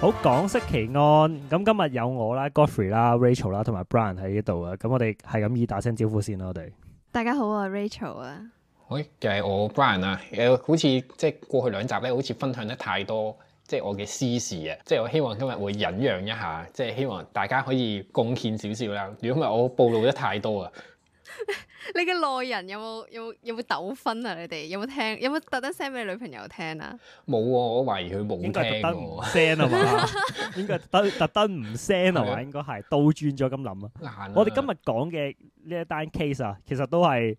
好港識奇案，咁今日有我啦、Godfrey 啦、啊、Rachel 啦，同埋 Brian 喺呢度啊，咁我哋係咁以打聲招呼先啦，我哋。大家好啊，Rachel 啊。喂，就係我 Brian 啊，誒，好似即係過去兩集咧，好似分享得太多，即係我嘅私事啊，即係我希望今日會忍讓一下，即係希望大家可以貢獻少少啦，如果唔係我暴露得太多啊。你嘅內人有冇有有冇糾紛啊？你哋有冇聽有冇特登 send 俾女朋友聽啊？冇，我懷疑佢冇特登唔 send 係嘛？應該特特登唔 send 係嘛？應該係倒轉咗咁諗啊！我哋今日講嘅呢一單 case 啊，其實都係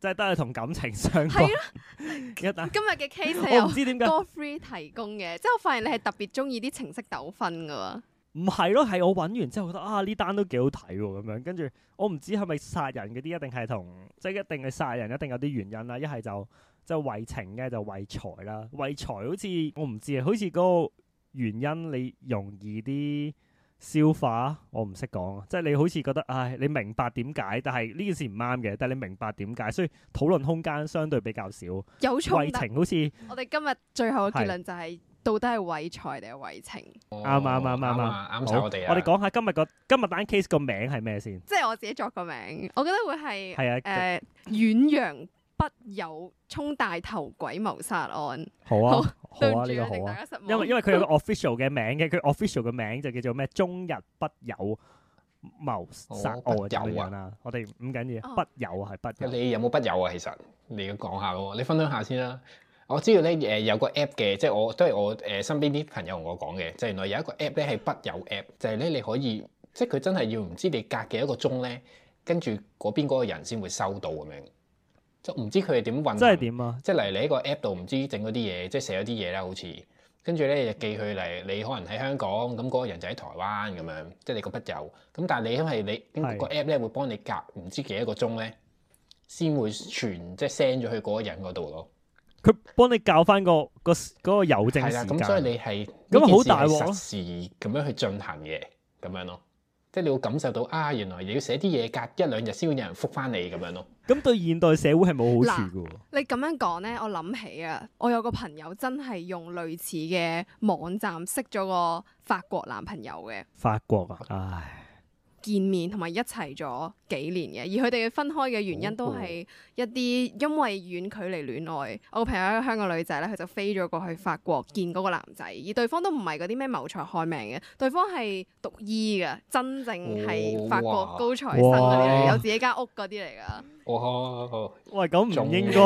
即係都係同感情相關。啊、 件今日嘅 case 係我唔知點解，Godfrey 提供嘅， 即係我發現你係特別中意啲情色糾紛噶。唔係咯，係我揾完之後覺得啊，呢單都幾好睇喎咁樣，跟住我唔知係咪殺人嗰啲一定係同即係一定係殺人，一定、就是、一定，一定有啲原因啦。一係就即係為情嘅，就為財啦。為財好似我唔知啊，好似嗰個原因你容易啲消化，我唔識講。即係你好似覺得唉，你明白點解，但係呢件事唔啱嘅，但係你明白點解，所以討論空間相對比較少。有為冲 情好似我哋今日最後嘅結論就係。到底係為財定係為情？啱啊，啱啱啱啱晒我哋啊！我哋講下今日個今日單 case 個名係咩先？即係我自己作個名，我覺得會係係啊誒，遠洋筆友衝大頭鬼謀殺案。好啊好啊，呢個好，因為因為佢有個 official 嘅名嘅，佢 official 嘅名就叫做咩？中日筆友謀殺案嗰個啊！我哋唔緊要，筆友係筆友。你有冇筆友啊？其實你要講下喎，你分享下先啦。我知道咧，誒、呃、有個 app 嘅，即係我都係我誒、呃、身邊啲朋友同我講嘅，就是、原來有一個 app 咧係筆友 app，就係咧你可以，即係佢真係要唔知你隔幾多個鐘咧，跟住嗰邊嗰個人先會收到咁樣，樣、啊即即，就唔知佢係點運。即係點啊？即係嚟你喺個 app 度唔知整嗰啲嘢，即係寫咗啲嘢啦，好似跟住咧就寄佢嚟，你可能喺香港，咁、那、嗰個人就喺台灣咁樣，即係你個筆友。咁但係你因為你的個 app 咧會幫你隔唔知幾多個鐘咧，先會傳即係 send 咗去嗰個人嗰度咯。佢幫你教翻個個嗰個郵政時間，咁所以你係咁好大鑊咯，實時咁樣去進行嘅，咁樣咯，即係你會感受到啊，原來你要寫啲嘢隔一兩日先會有人覆返你咁樣咯。咁對現代社會係冇好處㗎喎。你咁樣講咧，我諗起啊，我有個朋友真係用類似嘅網站識咗個法國男朋友嘅。法國啊，唉。見面同埋一齊咗幾年嘅，而佢哋嘅分開嘅原因都係一啲因為遠距離戀愛。哦、我個朋友一個香港女仔咧，佢就飛咗過去法國見嗰個男仔，而對方都唔係嗰啲咩謀財害命嘅，對方係讀醫嘅，真正係法國高材生嗰啲，有自己間屋嗰啲嚟㗎。Oh, oh, oh. 哇！喂，咁唔應該，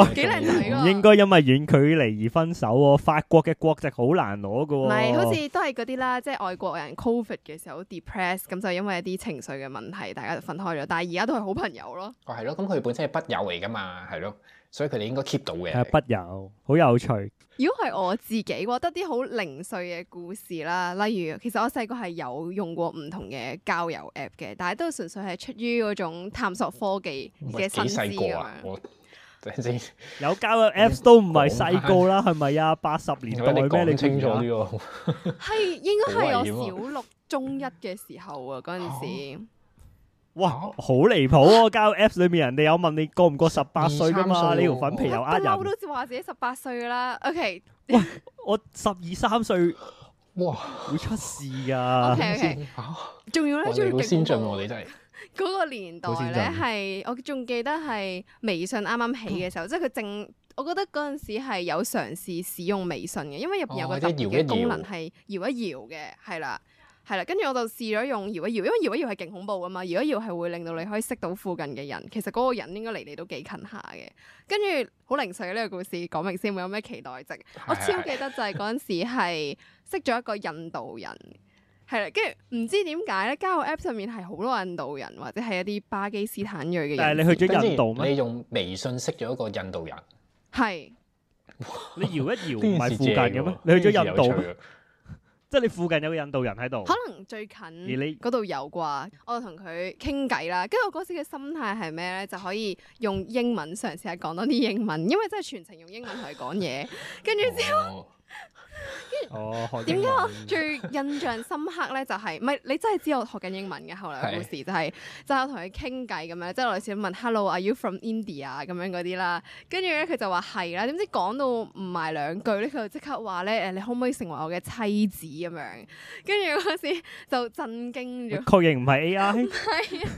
唔 應該因為遠距離而分手喎、啊。法國嘅國籍難、啊、好難攞㗎喎，唔係好似都係嗰啲啦，即係外國人。Covid 嘅時候 depress，咁就因為一啲情緒嘅問題，大家就分開咗。但係而家都係好朋友咯。哦，係咯，咁佢本身係筆友嚟噶嘛，係咯。所以佢哋應該 keep 到嘅，不有，好有趣。如果係我自己，我覺得啲好零碎嘅故事啦，例如其實我細個係有用過唔同嘅交友 app 嘅，但係都純粹係出於嗰種探索科技嘅心思、啊、有交友 app 都唔係細個啦，係咪呀？八十年代咩？ 你清楚啲喎？係、 啊、應該係我小六、中一嘅時候啊，嗰陣時。 哇，好離譜啊！交友 Apps 裏面人哋有問你過唔過十八歲㗎嘛？你條粉皮又呃人，我都話自己十八歲啦。OK， 喂哇，我十二三歲，哇，會出事㗎。仲要咧，仲要先進過我、啊、哋真係嗰個年代呢，而且係我仲記得係微信啱啱起嘅時候， 即係佢正，我覺得嗰陣時係有嘗試使用微信嘅，因為入面有一個搖嘅功能係搖一搖嘅，係啦。係啦，跟住我就試咗用搖一搖，因為搖一搖係勁恐怖噶嘛，搖一搖係會令到你可以識到附近嘅人。其實嗰個人應該離你都幾近下嘅。跟住好零碎嘅呢個故事，講明先會有咩期待值。的我超記得就係嗰陣時係識咗一個印度人，係啦， 跟住唔知點解咧，交友 App 上面係好多印度人或者係一啲巴基斯坦裔嘅人。但係你去咗印度，你用微信識咗一個印度人，係是。 你搖一搖唔係 附近嘅咩？你去咗印度 即係你附近有個印度人喺度，可能最近嗰度有啩，我同佢傾偈啦。跟住我嗰時嘅心態係咩咧？就可以用英文嘗試下講多啲英文，因為真係全程用英文同佢講嘢，跟住 之後、哦。跟住，點解、哦、我最印象深刻咧？就係唔係你真係知我學緊英文嘅，後來嘅故事就係、是，就係、是、我同佢傾偈咁樣，即係類似問 Hello, are you from India？咁樣嗰啲啦，跟住咧佢就話係啦，點知講到唔埋兩句咧，佢就即刻話咧，誒，你可唔可以成為我嘅妻子咁樣子？跟住嗰時就震驚咗，確認唔係 AI，係啊，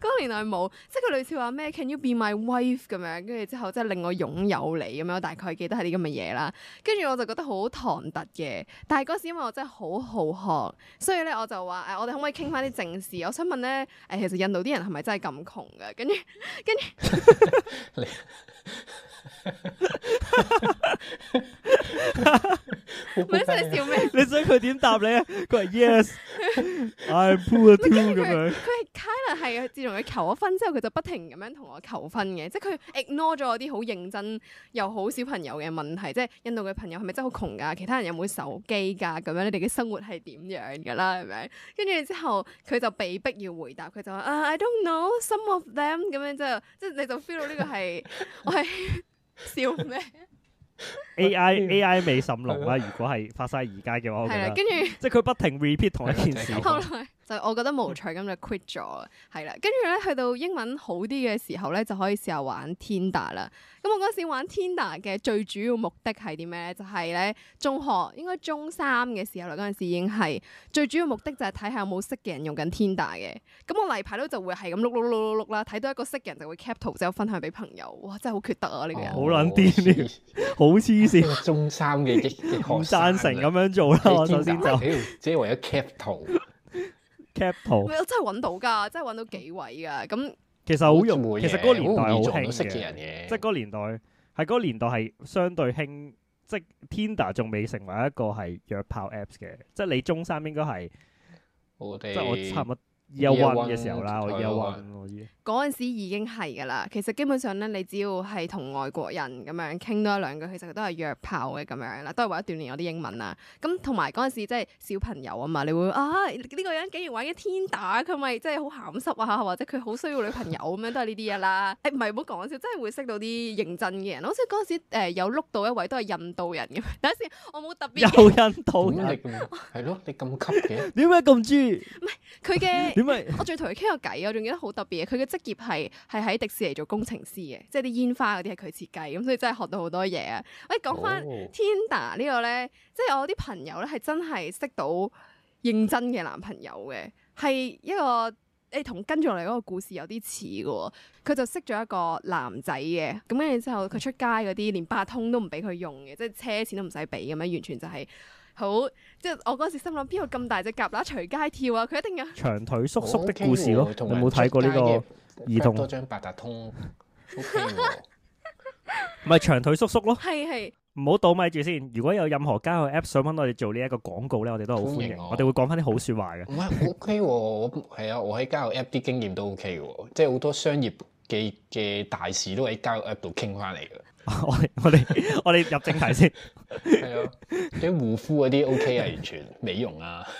嗰年代冇，即係佢類似話咩，Can you be my wife？咁樣，跟住之後即係令我擁有你咁樣，我大概記得係啲咁嘅嘢啦。跟住我就覺得好唐。唔得嘅，但係嗰時因為我真係好好學，所以咧我就話誒、哎，我哋可唔可以傾翻啲正事？我想問咧誒、哎，其實印度啲人係咪真係咁窮噶？跟住跟住，你唔好笑你笑咩？ 你想佢點答你啊？佢話 yes，I pull a two 咁樣。佢係 係啊！但自從佢求咗婚之後，佢就不停咁樣同我求婚嘅，即係佢 ignore 咗我啲好認真又好小朋友嘅問題，即係印度嘅朋友係咪真係好窮㗎？其他人有冇手機㗎？咁樣你哋嘅生活係點樣㗎啦？係咪？跟住之後佢就被逼要回答，佢就話：I don't know some of them 咁樣就，即係即係你就 feel 到呢個係 我係笑咩 ？AI AI 未沈龍啦！如果係發晒而家嘅話，係啦。跟住、啊、即係佢不停 repeat 同一件事。 就我覺得無趣咁就 quit 咗，係、嗯、啦。跟住咧，去到英文好啲嘅時候咧，就可以試下玩 Tinder 啦。咁我嗰陣時玩 Tinder 嘅最主要目的係啲咩咧？就係、是、咧中學應該中三嘅時候啦，嗰陣時已經係最主要目的就係睇下有冇識嘅人用緊 Tinder 嘅。咁我例牌都就會係咁碌碌碌碌碌啦，睇到一個識嘅人就會 cap 圖之後分享俾朋友。哇！真係好缺德啊呢個人，好撚癲呢，好黐線。中三嘅嘅學生唔贊成咁樣做啦，Tinder，我首先就即係為咗 cap 圖。我真係揾到噶，真係揾到幾位噶。咁其實好容易，其實嗰個年代好興嘅，即係嗰個年代係嗰個年代係相對興，即係 Tinder 仲未成為一個係約炮 Apps 嘅，即係你中三應該係，的即係我差唔多。Year One 嘅時候啦，我 Year One 嗰時已經係噶啦。其實基本上咧，你只要係同外國人咁樣傾多一兩句，其實都係約炮嘅咁樣啦，都係為咗鍛鍊我啲英文啦。咁同埋嗰陣時即係小朋友啊嘛，你會啊呢、呢個人竟然玩緊 Tinder，佢咪即係好鹹濕啊？或者佢好需要女朋友咁樣，都係呢啲嘢啦。誒，唔係唔好講笑，真係會識到啲認真嘅人。好似嗰陣時、呃、有碌到一位都係印度人咁樣。等下先，我冇特別。有印度人。 人係咯，你咁急嘅？點解咁中意？唔係佢嘅。 我仲要同佢傾個偈，我仲記得好特別嘅，佢嘅職業係係喺迪士尼做工程師嘅，即係啲煙花嗰啲係佢設計，咁所以真係學到好多嘢啊！誒、哎，講翻 Tinder 呢個咧，即係我啲朋友咧係真係識到認真嘅男朋友嘅，係一個誒同、欸、跟住落嚟嗰個故事有啲似嘅喎，佢就識咗一個男仔嘅，咁跟住之後佢出街嗰啲連八通都唔俾佢用嘅，即係車錢都唔使俾咁樣，完全就係、是。好，即係我嗰時心諗，邊有咁大隻蛤乸隨街跳啊！佢一定有長腿叔叔的故事咯，哦、有冇睇過呢個兒童？多張八達通，O K，唔係長腿叔叔咯，係係是，唔好倒米住先。如果有任何交友 app 想揾我哋做呢一個廣告咧，我哋都好歡迎。歡迎我哋會講翻啲好說話嘅。唔係，O K，我係啊，我喺交友 app 啲經驗都 O K 嘅，即係好多商業嘅嘅大事都喺交友 app 度傾翻嚟嘅。 我我哋我哋入正題先，係啊，啲護膚嗰啲 OK 啊，完全美容啊，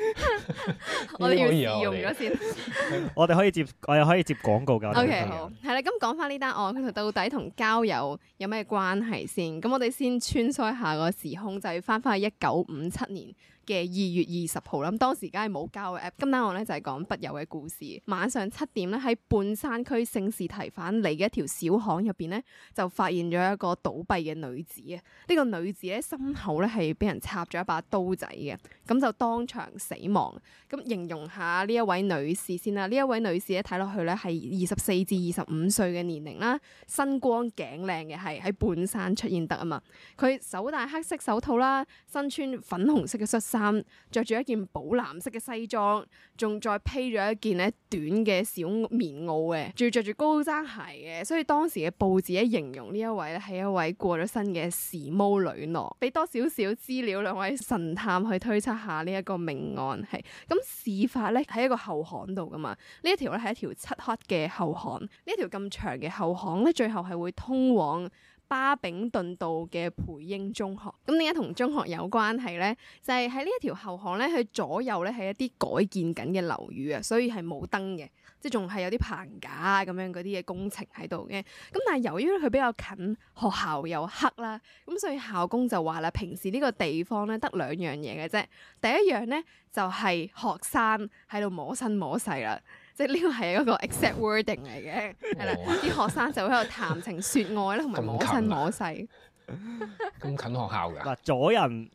我哋要試用咗先， 我哋可以接， 我又可以接廣告噶。O、okay, K 好，係啦、嗯，咁講翻呢單案，其實到底同交友有咩關係先？咁我哋先穿梭下個時空，就翻翻去一九五七年。嘅二月二十號，諗當時梗係冇交嘅 app。今單案咧就係、是、講筆友嘅故事。晚上七點咧喺半山區聖士提反里嘅一條小巷入邊咧，就發現咗一個倒斃嘅女子啊！呢、這個女子咧心口咧係俾人插咗一把刀仔嘅，咁就當場死亡。咁形容下呢一位女士先啦，呢一位女士咧睇落去咧係二十四至二十五歲嘅年齡啦，身光頸靚嘅，係喺半山出現得啊嘛。佢手戴黑色手套啦，身穿粉紅色嘅恤衫，衫。穿著住一件寶藍色嘅西裝，仲再披咗一件咧短嘅小棉襖嘅，仲要着住高踭鞋嘅，所以當時嘅報紙咧形容呢一位咧係一位過咗身嘅時髦女郎。俾多少少資料，兩位神探去推測下呢一個命案係。咁事發咧喺一個後巷度噶嘛，呢一條咧係一條漆黑嘅後巷，呢一條咁長嘅後巷咧，最後係會通往。巴丙頓道嘅培英中學，咁點解同中學有關係咧？就係喺呢一條後巷咧，佢左右咧係一啲改建緊嘅樓宇啊，所以係冇燈嘅。即係仲係有啲棚架啊咁樣嗰啲嘢工程喺度嘅，咁但係由於佢比較近學校又黑啦，咁所以校工就話啦，平時呢個地方咧得兩樣嘢嘅啫，第一樣咧就係學生喺度摸身摸勢啦，即係呢個係一個 exact wording 嚟嘅，係啦，啲學生就喺度談情説愛啦，同埋摸身摸勢。咁近學校㗎？嗱，左人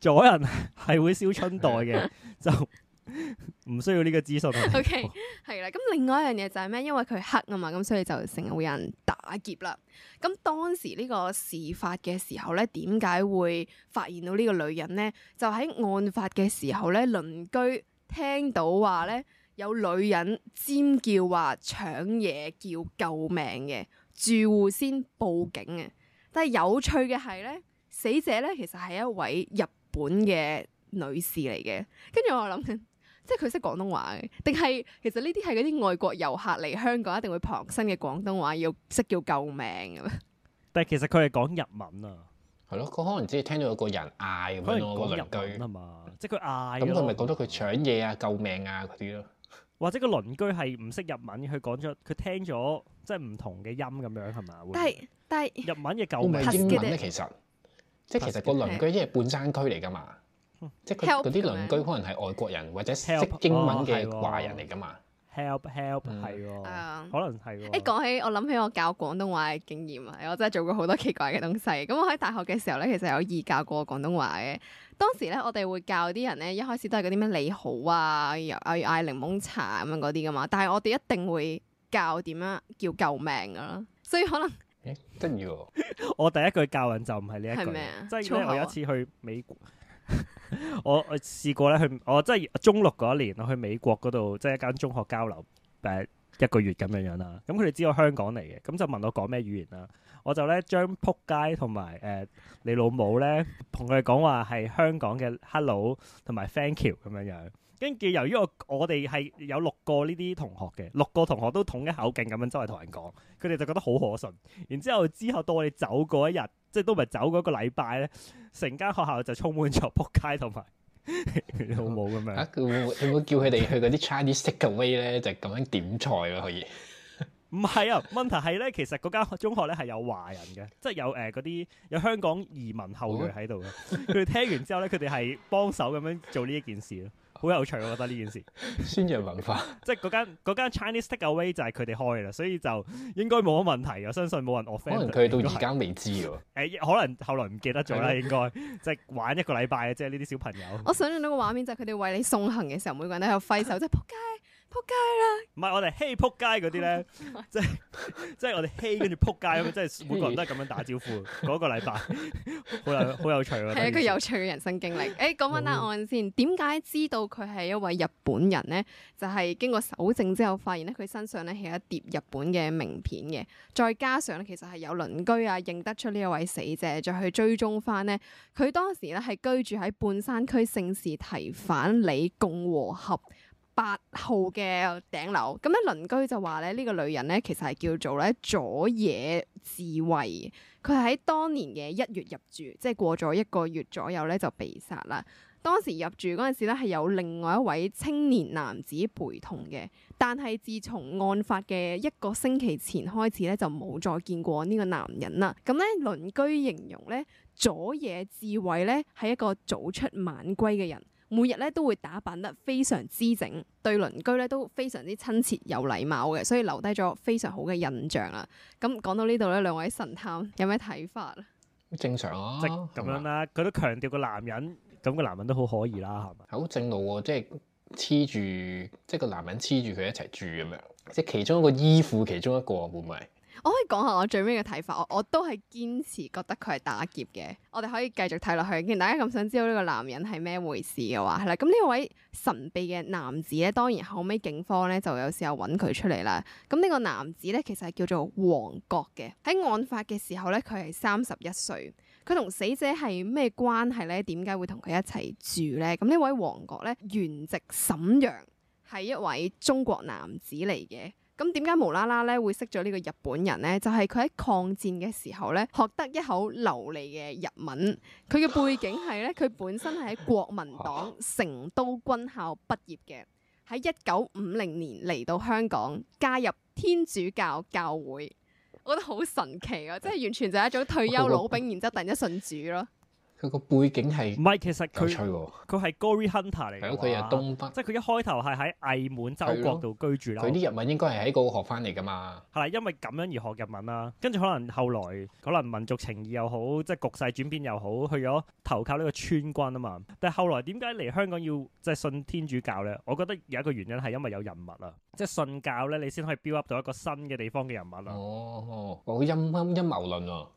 左人係會燒春袋嘅就。唔 需要呢個資訊。O K 係啦，咁另外一樣嘢就係、是、咩？因為佢黑啊嘛，咁所以就成日會有人打劫啦。咁當時呢個事發嘅時候咧，點解會發現到呢個女人咧？就喺案發嘅時候咧，鄰居聽到話咧有女人尖叫，話搶嘢叫救命嘅住戶先報警嘅。但係有趣嘅係咧，死者咧其實係一位日本嘅女士嚟嘅。跟住我諗。即係佢識廣東話嘅，定係其實呢啲係嗰啲外國遊客嚟香港一定會旁身嘅廣東話，要識叫救命咁樣。但係其實佢係講日文啊，係咯，佢可能只係聽到有個人嗌咁樣個鄰居。啊嘛， 即係佢嗌。咁佢咪覺得佢搶嘢啊、救命啊嗰啲咯？或者個鄰居係唔識日文，佢講咗，佢聽咗即係唔同嘅音咁樣係嘛？係， 但係日文嘅救命英文呢其實，即係是其實個鄰居因為半山區嚟㗎嘛。即係嗰啲鄰居可能係外國人或者識 Help 英文嘅華人嚟㗎嘛？Help help 係、嗯、可能係喎、啊。誒講、欸、起我諗起我教廣東話嘅經驗啊，我真係做過好多奇怪嘅東西。咁我喺大學嘅時候咧，其實有義教過廣東話嘅。當時咧，我哋會教啲人咧，一開始都係嗰啲咩你好啊，又嗌檸檬茶咁樣嗰啲㗎嘛。但係我哋一定會教點樣叫救命㗎啦。所以可能誒緊要，哦、 我第一句教人就唔係呢一句，即係我有一次去美國。 我我試過咧去，我即係中六嗰一年，我去美國嗰度，即係一間中學交流，誒一個月咁樣樣啦。咁佢哋知道我香港嚟嘅，咁就問我講咩語言啦。我就咧將撲街同埋誒你老母咧同佢哋講話係香港嘅 hello 同埋 thank you 咁樣樣。跟住由於我我哋係有六個呢啲同學嘅，六個同學都統一口徑咁樣周圍同人講，佢哋就覺得好可信。然之後之後到我哋走嗰一日。即係都唔係走嗰個禮拜咧，成間學校就充滿咗仆街同埋老母咁樣。啊，佢會唔會叫佢哋去嗰啲 Chinese takeaway 咧， 就咁樣點菜咯？可以？唔係啊，問題係咧，其實嗰間中學咧係有華人嘅，即係有誒嗰啲有香港移民後裔喺度嘅。佢哋、哦、 聽完之後咧，佢哋係幫手咁樣做呢一件事咯。好有趣，我覺得呢件事。宣揚文化， 即係嗰間 Chinese Take Away 就係佢哋開嘅啦，所以就應該冇乜問題。我相信冇人 offend 佢哋，到而家未知喎、 欸。可能後來唔記得咗啦。 應該即係、就是、玩一個禮拜即係呢啲小朋友。 我想象到個畫面就係佢哋為你送行嘅時候，每個人都喺度揮手，即係撲街。 撲街啦！唔係我哋嘿撲街嗰啲咧，即係即係我哋嘿跟住撲街咁，即係每個人都係咁樣打招呼。嗰 個禮拜好 有好有趣喎。係一個有趣嘅人生經歷。誒、 欸，講翻單案先，點解知道佢係一位日本人咧？就係、是、經過搜證之後，發現咧佢身上咧係有一疊日本嘅名片嘅。再加上咧，其實係有鄰居啊認得出呢一位死者，再去追蹤翻咧，佢當時咧係居住喺半山區聖士提反里共和合八號嘅頂樓，咁咧鄰居就話咧，呢個女人咧其實係叫做咧左野智慧。佢喺當年嘅一月入住，即係過咗一個月左右咧就被殺啦。當時入住嗰陣時咧係有另外一位青年男子陪同嘅，但係自從案發嘅一個星期前開始咧就冇再見過呢個男人啦。咁咧鄰居形容咧左野智慧咧係一個早出晚歸嘅人。每日咧都會打扮得非常之整，對鄰居咧都非常之親切有禮貌嘅，所以留低咗非常好嘅印象啦。咁講到呢度咧，兩位神探有咩睇法啊？正常啊，即係咁樣啦。佢都強調個男人，咁個男人都好可疑啦，係嘛？好正路喎，哦，即係黐住，即係個男人黐住佢一齊住咁樣，即係其中一個依附其中一個，會唔會？我可以講下我最尾嘅睇法，我我都係堅持覺得佢係打劫嘅。我哋可以繼續睇落去，既然大家咁想知道呢個男人係咩回事嘅話，係啦。咁呢位神秘嘅男子咧，當然後尾警方咧就有時候揾佢出嚟啦。咁呢個男子咧其實係叫做王國嘅。喺案發嘅時候咧，佢係三十一歲。佢同死者係咩關係咧？點解會同佢一齊住咧？咁呢位王國咧，原籍沈陽，係一位中國男子嚟嘅。咁點解無啦啦咧會識咗呢個日本人呢？就係佢喺抗戰嘅時候咧學得一口流利嘅日文。佢嘅背景係咧，佢本身係喺國民黨成都軍校畢業嘅，喺一九五零年嚟到香港加入天主教教會。我覺得好神奇啊！即係完全就係一種退休老兵，然之後突然一信主咯。佢個背景係唔係其實佢佢係 Gary Hunter 嚟嘅，佢係 東北，即係佢一開頭係喺魏滿州國度居住啦。佢啲日文應該係喺嗰度學翻嚟㗎嘛。係啦，因為咁樣而學日文啦，跟住可能後來可能民族情義又好，即係局勢轉變又好，去咗投靠呢個村軍啊嘛。但係後來點解嚟香港要即係信天主教咧？我覺得有一個原因係因為有人物啊，即係信教咧，你先可以 build up 到一個新嘅地方嘅人物啊。哦，好陰陰陰謀論啊！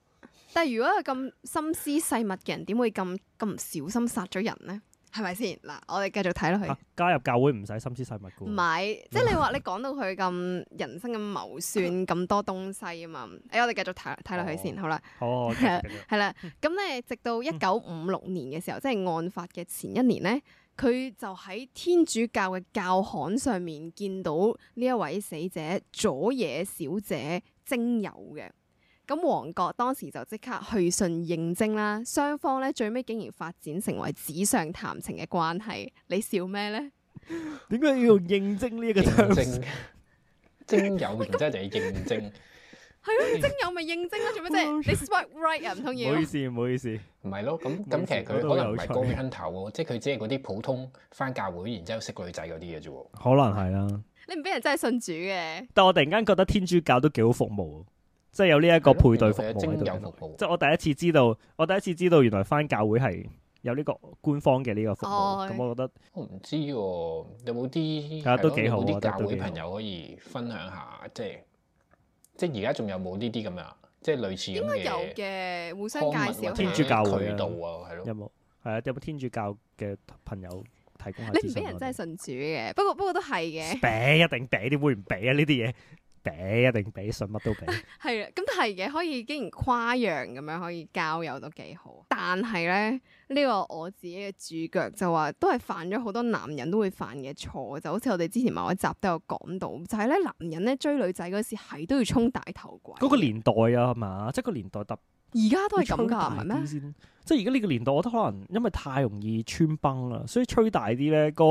但係如果佢咁心思細密嘅人，點會咁咁唔小心殺咗人咧？係咪先？嗱，我哋繼續睇落去，啊。加入教會唔使心思細密唔係，即係是 你話你講到佢咁人生咁謀算咁 多東西啊嘛？誒、欸，我哋繼續睇睇落去先，好啦。好，係啦。咁咧， 直到一九五六年嘅時候，嗯、即係案發嘅前一年咧，佢就喺天主教嘅教刊上面見到呢一位死者佐野小姐精友嘅。咁王國當時就即刻去信認證啦，雙方咧，最尾竟然發展成為紙上談情嘅關係。你笑咩咧？點解要用認證呢一個字？徵友，然之後就係認證。係啊，徵友咪認證啊？做咩即啫？你 spot right 啊唔通？唔好意思，唔好意思，唔係咯？咁咁其實佢可能唔係高槍頭喎、啊，即係佢只係嗰啲普通返教會，然之後識女仔嗰啲嘅啫喎，可能係啦、啊。你唔俾人真係信主嘅，但我突然間覺得天主教都幾好服務。即係有呢一個配對服務喺度，即係我第一次知道，我第一次知道原來返教會係有呢個官方嘅呢個服務。咁我覺得我唔知喎，有冇啲係咯？都幾好，有冇啲教會朋友可以分享下？即係即係而家仲有冇呢啲咁樣？即係類似應該有嘅，互相介紹天主教會啊，有冇？係啊，有冇天主教嘅朋友提供下？你唔俾人真係信主嘅，不過不過都係嘅，俾一定俾啲會唔俾啊呢啲嘢。俾一定俾，信乜都俾。係啊，咁但係嘅，可以既然跨洋咁樣可以交友都幾好。但係咧，呢個我自己嘅主腳就話，都係犯咗好多男人都會犯嘅錯。就好似我哋之前某一集都有講到，就係咧男人咧追女仔嗰時係都要充大頭鬼。嗰個年代啊，係嘛？即係嗰個年代特，而家都係咁㗎，係咪咩？即係而家呢個年代，我覺得可能因為太容易穿崩啦，所以吹大啲咧個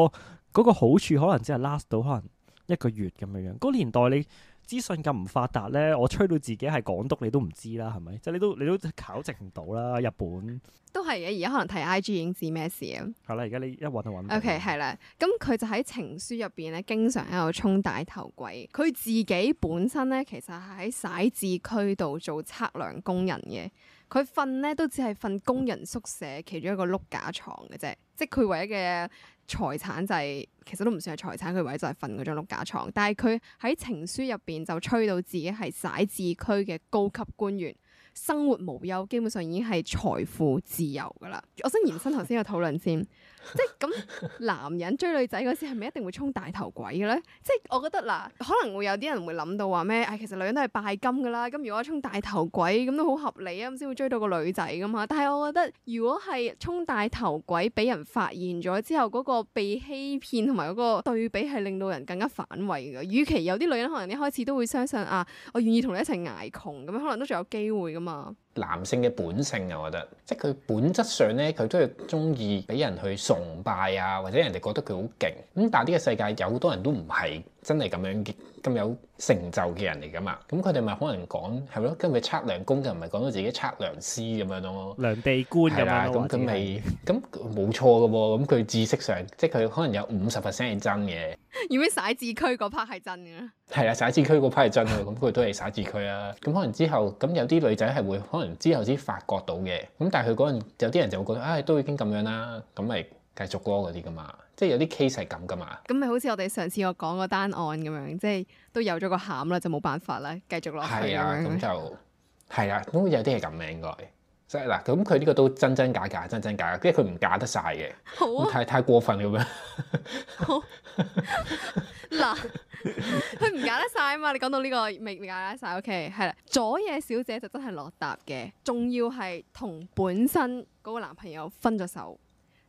嗰個好處可能只係 last 到可能一個月咁樣樣。嗰個年代你，資訊咁唔發達呢，我吹到自己係港督，你都唔知啦，係咪？即、就、係、是、你都你都考證唔到啦，日本都係嘅。而家可能睇 I G 已經知咩事啊？係啦、嗯，而家你一揾一揾 O K 係啦，咁佢、okay，就喺情書入邊呢，經常喺度充大頭鬼。佢自己本身呢，其實係喺曬字區度做測量工人嘅。佢瞓呢，都只係瞓工人宿舍其中一個碌架床嘅啫。即佢唯一嘅財產就係、是，其實都唔算係財產，佢唯一就係瞓嗰張碌架床。但係佢喺情書入邊就吹到自己係省治區嘅高級官員。生活無憂，基本上已經係財富自由噶啦。我想延伸頭先嘅討論先， 即係咁，男人追女仔嗰時係咪一定會充大頭鬼嘅咧？即係我覺得嗱，可能會有啲人會諗到話咩？唉、哎，其實女人都係拜金噶啦。咁如果充大頭鬼咁都好合理啊，咁先會追到個女仔噶嘛。但係我覺得如果係充大頭鬼俾人發現咗之後嗰、嗰個被欺騙同埋嗰個對比係令到人更加反胃噶。與其有啲女人可能一開始都會相信啊，我願意同你一齊挨窮，咁樣，可能都仲有機會。男性嘅本性啊，我覺得，即係佢本質上咧，佢都係中意俾人去崇拜啊，或者人哋覺得佢好勁，咁但係呢個世界有好多人都唔係。真係咁樣嘅咁有成就嘅人嚟噶嘛？咁佢哋咪可能講係咯，跟住測量工嘅唔係講到自己測量師咁樣咯，量地辟官係啦的。咁佢咪咁冇錯嘅喎。咁佢、嗯嗯、知識上，即係佢可能有五十 percent 係真嘅。如果傻字區嗰 part 係真嘅咧？係啊，傻字區嗰 part 係真嘅，咁佢都係傻字區啊。咁可能之後，咁、嗯、有啲女仔係會可能之後先發覺到嘅。咁但係佢嗰陣有啲人就會覺得，唉、哎，都已經咁樣啦，咁咪繼續咯嗰啲噶嘛。即係有啲 case 係咁噶嘛？咁咪好似我哋上次我講嗰單案咁樣，即係都有咗個餡啦，就冇辦法啦，繼續落去。係啊，咁就係啊，咁有啲係咁嘅應該。即係嗱，咁佢呢個都真真假，假假，真真假假，因為佢唔假得晒嘅。好、啊、太太過分咁樣。好。嗱， 佢唔假得晒啊嘛！你講到呢、呢個未唔假得晒 OK 係啦。左野小姐就真係落搭嘅，仲要係同本身嗰個男朋友分咗手。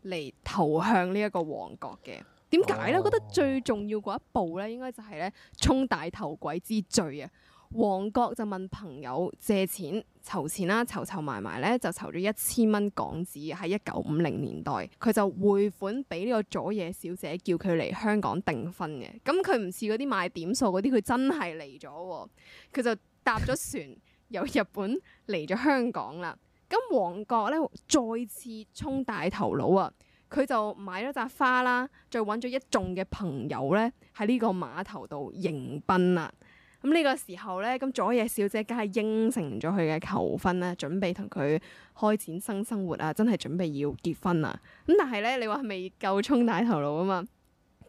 嚟投向呢一個王國嘅，點解呢？我、oh. 覺得最重要嗰一步咧，應該就係咧，充大頭鬼之最啊！王國就問朋友借錢籌錢啦，籌籌埋埋呢，就籌咗一千蚊港紙，喺一九五零年代，佢就匯款俾呢個佐野小姐，叫佢嚟香港訂婚嘅。咁佢唔似嗰啲賣點數嗰啲，佢真係嚟咗，佢就搭咗船 由日本嚟咗香港啦。咁王國咧再次充大頭鬼啊！佢就買咗扎花啦，再揾咗一眾嘅朋友咧，喺呢個碼頭度迎賓啊！咁、這、呢個時候咧，咁左野小姐梗係應承咗佢嘅求婚咧，準備同佢開展新生，生活啊！真係準備要結婚啊！咁但係咧，你話係咪夠充大頭鬼啊嘛？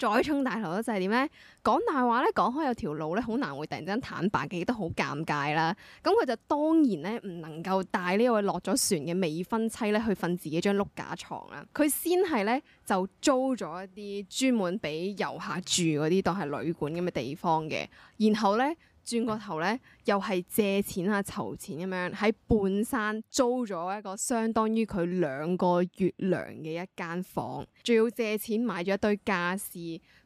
再充大頭咧就係點咧？講大話咧，講開有條路咧，好難會突然間坦白嘅，都好尷尬啦。咁佢就當然咧，唔能夠帶呢位落咗船嘅未婚妻咧去瞓自己張碌架床啦。佢先係咧就租咗一啲專門俾遊客住嗰啲，當係旅館咁嘅地方嘅。然後咧。轉個頭咧，又係借錢啊，籌錢咁樣喺半山租咗一個相當於佢兩個月糧嘅一間房，仲要借錢買咗一堆家私。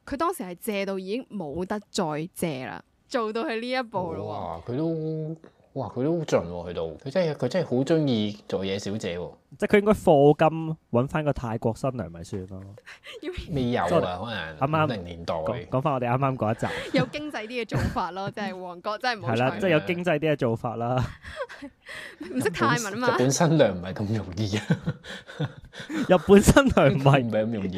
佢當時係借到已經冇得再借啦，做到去呢一步咯哇！佢都哇！佢都好盡喎、啊，佢到。佢真係佢真係好中意做嘢小姐喎、啊。即係佢應該課金揾翻個泰國新娘咪算咯，未有啊，可能啱啱零年代剛剛講翻我哋啱啱嗰一集， 有經濟啲嘅做法咯，即係旺角真係冇。係啦， 即係有經濟啲嘅做法啦。唔識 泰文啊嘛，日本新娘唔係咁容易。日本新娘唔係唔係咁容易，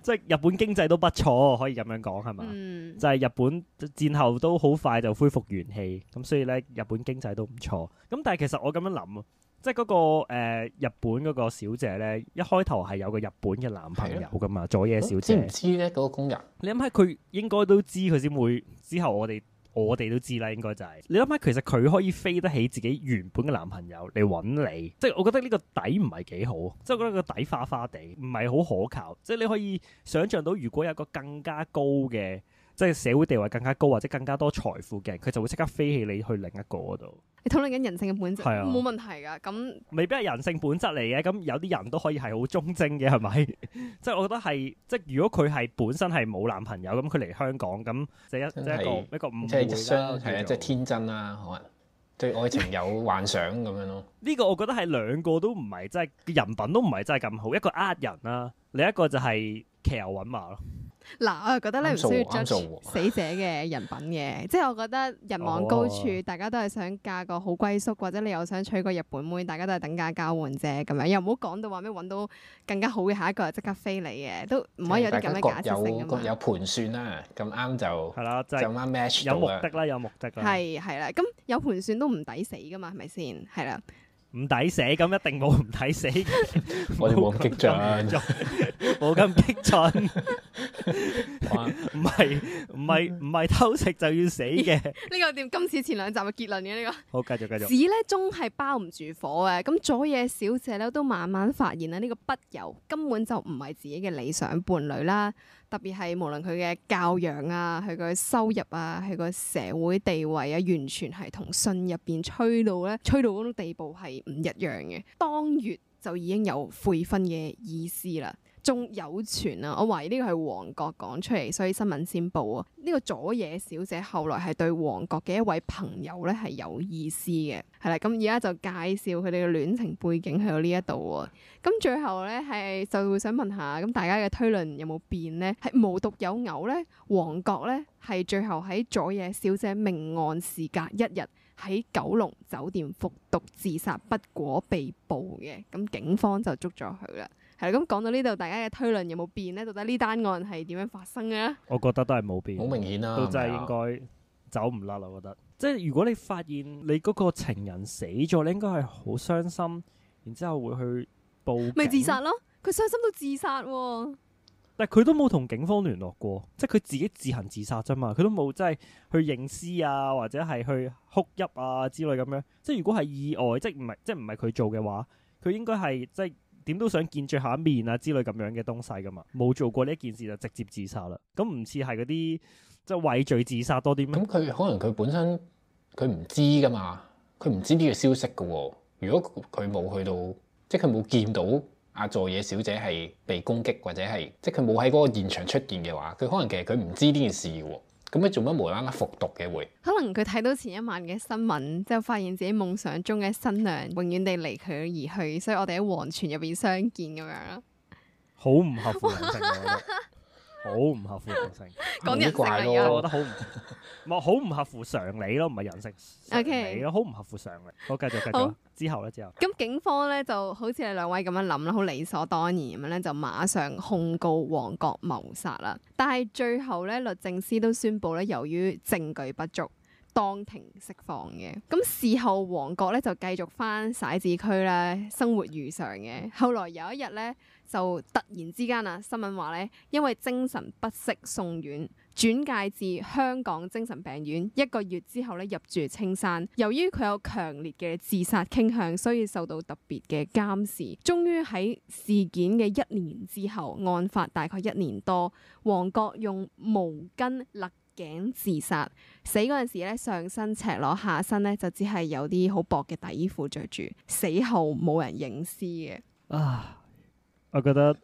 即係日本經濟都不錯，可以咁樣講係嘛？嗯、就係日本戰後都好快就恢復元氣，咁所以咧日本經濟都唔錯。咁但係其實我咁樣諗啊。即係嗰、那個誒、呃、日本嗰個小姐咧，一開頭係有個日本嘅男朋友噶嘛，佐的野小姐。即唔、哦、知咧嗰、那個工人。你諗下佢應該都知，佢先會之後我哋我哋都知啦。應該就係、是、你諗下，其實佢可以飛得起自己原本嘅男朋友嚟揾你，即係我覺得呢個底唔係幾好，即係我覺得個底花花地，唔係好可靠。即係你可以想象到，如果有一個更加高嘅。即係社會地位更加高，或者更加多財富嘅，佢就會即刻飛起你去另一個嗰度。你討論緊人性嘅本質，冇問題㗎。咁未必係人性本質嚟嘅，咁是的 有啲人，人都可以係好忠貞嘅，係咪？即係我覺得係，即係如果佢係本身係冇男朋友，咁佢嚟香港，咁即係一個是一個唔即係即係天真啦，可能對愛情有幻想咁樣咯。呢、 呢個我覺得係兩個都唔係真係人品都唔係真係咁好，一個呃人啦，另一個就係騎牛揾馬咯。嗱，我係覺得咧，唔需要 judge 死者嘅人品嘅， 即係我覺得人往高處，大家都係想嫁個好歸宿，或者你又想娶個日本妹，大家都係等價交換啫，咁樣又唔好講到話咩揾到更加好嘅下一個就即刻飛你嘅，都唔可以有啲咁嘅假設性有，有盤算啦，啊，咁啱就係啦，即係咁啱 match 有目的啦，有目的啦，係係啦，咁有盤算都唔抵死噶嘛，係咪先？係啦，唔抵死，咁一定冇唔抵死我哋王極將。 冇咁激進，唔係唔係唔係偷食就要死嘅，呢個點？今次前兩集嘅結論嘅呢個。好，繼續繼續。紙咧終係包唔住火嘅。咁佐野小姐咧都慢慢發現啦，呢個筆友根本就唔係自己嘅理想伴侶啦。特別係無論佢嘅教養啊，佢嘅收入啊，佢個社會地位啊，完全係同信入邊吹到咧，吹到嗰種地步係唔一樣嘅。當月就已經有悔婚嘅意思啦。仲有傳啊！我懷疑呢個係黃國講出嚟，所以新聞先報啊！呢、這個佐野小姐後來係對黃國嘅一位朋友咧係有意思嘅，係啦。咁而家就介紹佢哋嘅戀情背景去到呢一度喎。咁最後咧係就會想問下，咁大家嘅推論有冇變咧？係無獨有偶咧，黃國咧係最後喺佐野小姐命案時隔一日喺九龍酒店服毒自殺，不果被捕嘅。咁警方就捉咗佢啦。係咁講到呢度，大家嘅推論有冇變呢？到底呢單案係點樣發生嘅？我覺得都係冇變，好明顯啦，啊，都真係應該走唔甩啦。我覺得，即，就，係，是，如果你發現你嗰個情人死咗，你應該係好傷心，然後之後會去報警，咪自殺咯？佢傷心到自殺，啊，但係佢都冇同警方聯絡過，即係佢自己自行自殺啫嘛，佢都冇真係去認屍啊，或者係去哭泣啊之類咁樣。即，就，係，是，如果係意外，即係唔係，即係唔係佢做嘅話，佢應該係即係。就是點都想見最後一面啊之類咁樣嘅東西噶嘛，冇做過呢一件事就直接自殺啦。咁唔似係嗰啲即係畏罪自殺多啲咩？咁佢可能佢本身佢唔知噶嘛，佢唔知呢個消息噶喎、哦。如果佢冇去到，即係佢冇見到阿助野小姐係被攻擊或者係即係佢冇喺嗰個現場出現嘅話，佢可能其實佢唔知呢件事喎、哦。咁你做乜無啦啦服毒嘅會？可能佢睇到前一晚嘅新聞，之後發現自己夢想中嘅新娘永遠地離佢而去，所以我哋喺黃泉入邊相見咁樣咯。好唔合乎人性 好唔合乎人性，講 人性我 覺得好唔，唔好唔合乎常理咯，唔係人性。O K，好唔合乎常理，好，繼續繼續好之後咧，之後。咁警方咧就好似你兩位咁樣諗啦，好理所當然咁樣咧，就馬上控告王國謀殺啦。但係最後咧，律政司都宣布咧，由於證據不足，當庭釋放嘅。咁事後王國咧就繼續翻曬字區咧生活如常嘅。後來有一日咧。就突然之間啊，新聞話咧，因為精神不適送院，轉介至香港精神病院，一個月之後咧，入住青山。由於佢有強烈嘅自殺傾向，所以受到特別嘅監視。終於喺事件嘅一年之後，案發大概一年多，王國用毛巾勒頸自殺，死嗰陣時咧上身赤裸，下身咧就只係有啲好薄嘅底衣褲着住。死後冇人認屍嘅啊。我覺得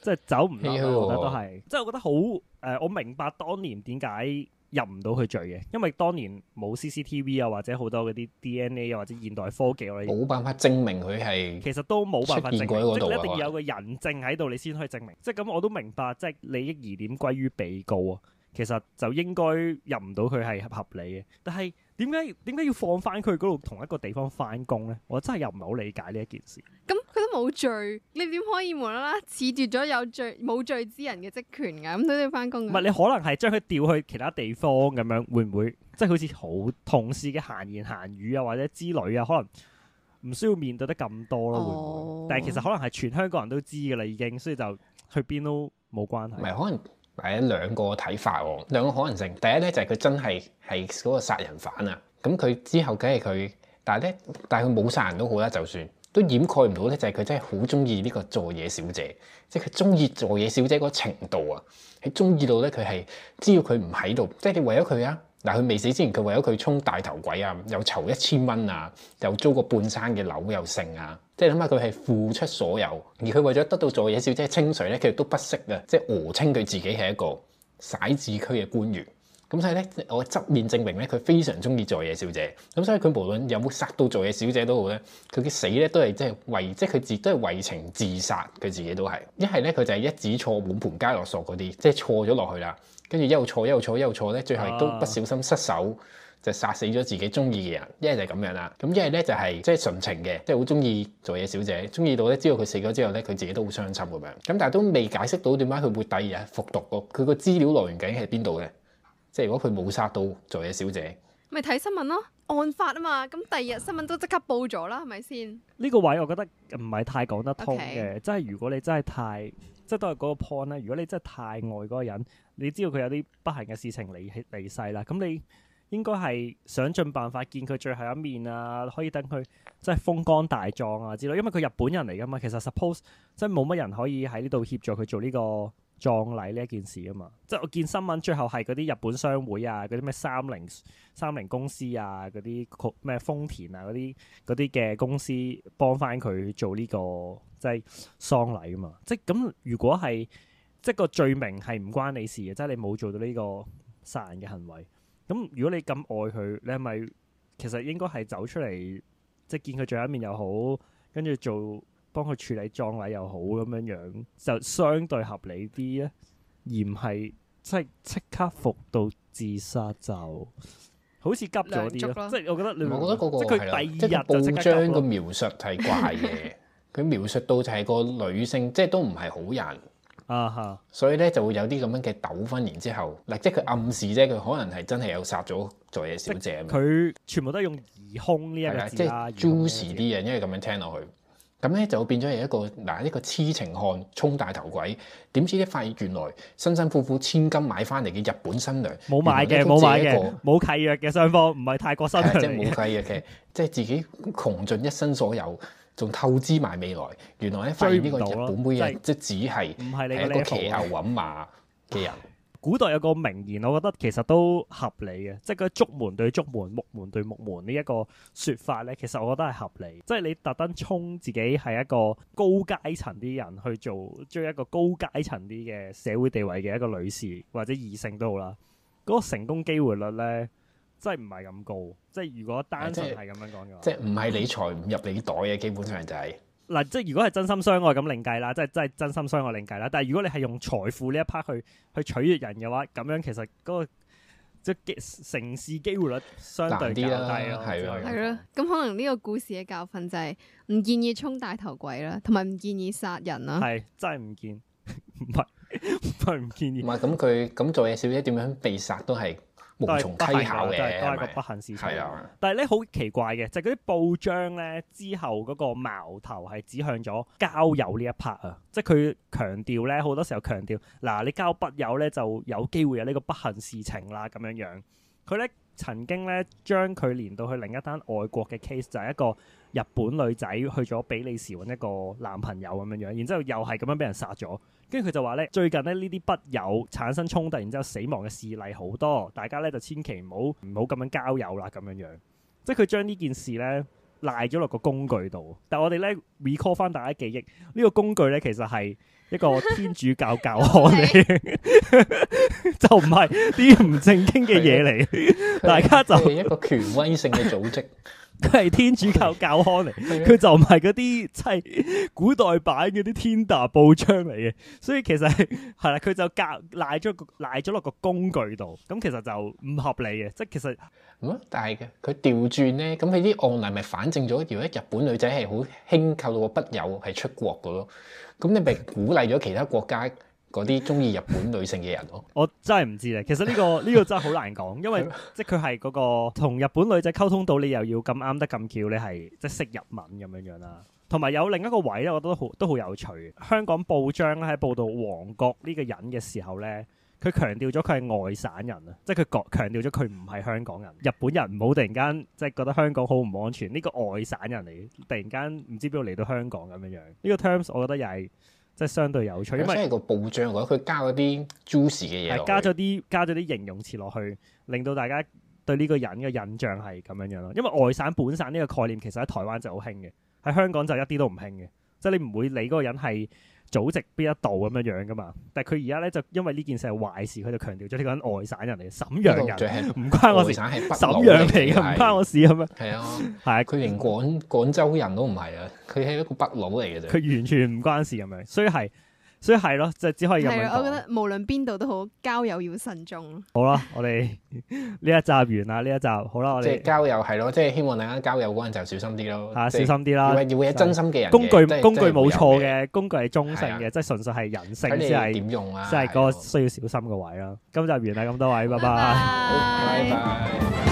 即係走唔到，我覺得都係，嘿嘿嘿即係我覺得好誒、呃，我明白當年點解入唔到佢罪嘅，因為當年冇 CCTV 啊，或者好多嗰啲 DNA 啊，或者現代科技我哋冇辦法證明佢係，其實都冇辦法證明，即係你一定要有個人證喺度，能你先可以證明。即係咁，我都明白，即係利益疑點歸於被告啊，其實就應該入唔到佢係合理嘅。但係點解點解要放翻佢嗰度同一個地方翻工咧？我真係又唔係好理解呢一件事。冇罪，你點可以無啦啦褫奪咗有罪冇罪之人嘅職權噶？咁佢都要翻工嘅。唔係，你可能係將佢調去其他地方咁樣，會唔會即係、就是、好似好同事嘅閒言閒語啊或者之類啊，可能唔需要面對得咁多咯，哦。但係其實可能係全香港人都知噶啦，已經，所以就去邊都冇關係。唔係，可能係兩個睇法，兩個可能性。第一咧就係、是、佢真係係嗰個殺人犯啊，咁佢之後梗係佢，但係咧，但係佢冇殺人都好啦，就算。都掩蓋唔到咧，就係、是、佢真係好中意呢個做嘢小姐，即係佢中意做嘢小姐個程度啊，係中意到咧佢係，只要佢唔喺度，即係你為咗佢啊，嗱佢未死之前，佢為咗佢充大頭鬼啊，又籌一千蚊啊，又租個半山嘅樓又剩啊，即係諗下佢係付出所有，而佢為咗得到做嘢小姐嘅清水咧，佢亦都不惜啊，即係訛稱佢自己係一個徙置區嘅官員。咁所以咧，我側面證明咧，佢非常中意做嘢小姐。咁所以佢無論有冇殺到做嘢小姐都好咧，佢嘅死咧都係即係為即係佢自都係為情自殺，佢自己都係。一係咧佢就係一子錯滿盤皆落索嗰啲，即係錯咗落去啦。跟住又錯，又錯，又錯咧，最後都不小心失手就殺死咗自己中意嘅人。一係就係咁樣啦。咁一係咧就係即係純情嘅，即係好中意做嘢小姐，中意到咧，知道佢死咗之後咧，佢自己都好傷心咁樣。咁但係都未解釋到點解佢會第二日復讀咯。佢個資料來源究竟喺邊度咧？即係如果佢冇殺到做嘢小姐，咪睇新聞咯，案發啊嘛，咁第二日新聞都即刻報咗啦，係咪先？呢個位我覺得唔係太講得通嘅，Okay. 即係如果你真係太，即係都係嗰個 point 咧。如果你真係太愛嗰個人，你知道佢有啲不幸嘅事情離離世啦，咁你應該係想盡辦法見佢最後一面啊，可以等佢即係風光大葬啊之類。因為佢日本人嚟㗎嘛，其實 suppose 即係冇乜人可以喺呢度協助佢做呢個。葬禮呢一件事啊嘛，即係我見新聞，最後係嗰啲日本商會啊，嗰啲咩三菱、三菱公司啊，嗰啲咩豐田啊，嗰啲啲嘅公司幫翻佢做呢個即係喪禮啊嘛。即係咁，如果係即係個罪名係唔關你事嘅，即係你冇做到呢個殺人嘅行為，咁如果你咁愛佢，你係咪其實應該係走出嚟，即係見佢最後一面又好，跟住做？幫佢處理葬禮又好咁樣樣，就相對合理啲啊，而唔係、即係、即係即刻服到自殺就好似急咗啲，即係我覺得你明，我覺得嗰、嗰個、即佢第二日就報章個描述係怪嘢，佢 描述到就係個女性，即係都唔係好人啊嚇， 所以咧就會有啲咁樣嘅糾紛。然後之後嗱，即係佢暗示啫，佢可能係真係有殺咗做嘢小姐。佢全部都用疑凶呢一個字對即係注視啲人，因為咁樣聽落去。咁咧就變咗係一個，嗱，一個痴情漢，充大頭鬼。點知呢，發現原來辛辛苦苦千金買翻嚟嘅日本新娘，冇買嘅冇買嘅冇契約嘅雙方，唔係太過心嘅，即係冇契約嘅， 即係自己窮盡一生所有，仲透支埋未來。原來呢，發現呢個日本妹、就是、即是只係唔係你一個騎牛揾馬嘅人。 古代有個名言，我覺得其實都合理嘅，即係個竹門對竹門、木門對木門呢一個説法呢，其實我覺得係合理。即係你特登衝自己係一個高階層啲人去做，追一個高階層啲嘅社會地位嘅一個女士或者異性都好啦，嗰、嗰個成功機會率呢，真係唔係咁高。即係如果單純係咁樣講嘅話，即係唔係理財唔入你袋嘅，基本上就係、係。嗱，即係如果係真心相愛咁另計啦，即係真係真心相愛另計啦。但係如果你係用財富呢一 part 去去取悅人嘅話，咁樣其實嗰、嗰個即係成事機會率相對低啦。係咯，咁可能呢個故事嘅教訓就係唔建議充大頭鬼啦，同埋唔建議殺人啦。係真係唔建，唔係唔係唔建議。唔係咁佢咁做嘢小姐點樣被殺都係。都係不幸嘅，都係個不幸事情。是是但係咧好奇怪嘅，就係嗰啲報章咧之後嗰個矛頭係指向咗交友呢一 part 啊，即係佢強調咧好多時候強調，嗱你交筆友咧就有機會有呢個不幸事情啦咁樣樣。佢咧曾經咧將佢連到去另一單外國嘅 case，就係一個日本女仔去咗比利時揾一個男朋友咁樣樣，然之後又係咁樣俾人殺咗。跟住佢就話咧，最近咧呢啲筆友產生衝突，然之後死亡嘅事例好多，大家咧就千祈唔好唔好咁樣交友啦，咁樣樣，即係佢將呢件事咧賴咗落個工具度。但係我哋咧 recall 返大家記憶，呢個工具咧其實係。一個天主教教刊嚟，就唔係啲唔正經嘅嘢嚟。大家就係一個權威性嘅組織，佢係天主教教刊嚟，佢就唔係嗰啲即係古代版嗰啲天達報章嚟嘅。所以其實係啦，佢就夾賴咗個賴咗落個工具度，咁其實就唔合理嘅。即係其實嗯，但係佢調轉咧，咁佢啲案例咪反證咗，如果日本女仔係好輕靠到個筆友係出國噶咯咁你咪鼓勵咗其他國家嗰啲中意日本女性嘅人咯？ 我真係唔知咧，其實呢、這個呢、這個真係好難講，因為 即係佢係嗰個同日本女仔溝通到，你又要咁啱得咁巧，你係即係識日文咁樣樣啦。同埋有另一個位咧，我覺得都好都好有趣。香港報章喺報道王國呢個人嘅時候咧，佢強調咗佢係外省人啊，即係佢強強調咗佢唔係香港人。日本人唔好突然間即係覺得香港好唔安全。呢個外省人嚟，突然間唔知邊度嚟到香港咁樣樣。呢個 terms 我覺得又係即係相對有趣，因為個報章嗰，佢加嗰啲 juice 嘅嘢，加咗啲加咗啲形容詞落去，令到大家對呢個人嘅印象係咁樣樣咯。因為外省本省呢個概念其實喺台灣就好興嘅，喺香港就一啲都唔興嘅，即係你唔會理嗰個人係。祖籍邊一度咁樣樣噶嘛？但係佢而家咧就，因為呢件事係壞事，佢就強調咗呢個人外省人嚟嘅。瀋陽人，唔關我事。外省係瀋陽嚟嘅，唔關我事咁樣。係啊，係啊，佢連廣廣州人都唔係啊，佢係一個北佬嚟嘅啫。佢完全唔關事咁樣，所以係。所以係咯，即係只可以咁樣，我覺得無論邊度都好，交友要慎重。好啦，我哋呢一集完啦，呢 一集好啦，我哋。即係交友係咯，即係、就是、希望大家交友嗰陣就小心啲咯，吓、啊、小心啲啦。要會有真心嘅人對工。工具工具冇錯嘅，工具係中性嘅，即係純粹係人性先係點用啊，即係嗰個需要小心嘅位咯。了今集完啦，咁多位，拜拜，拜拜 bye。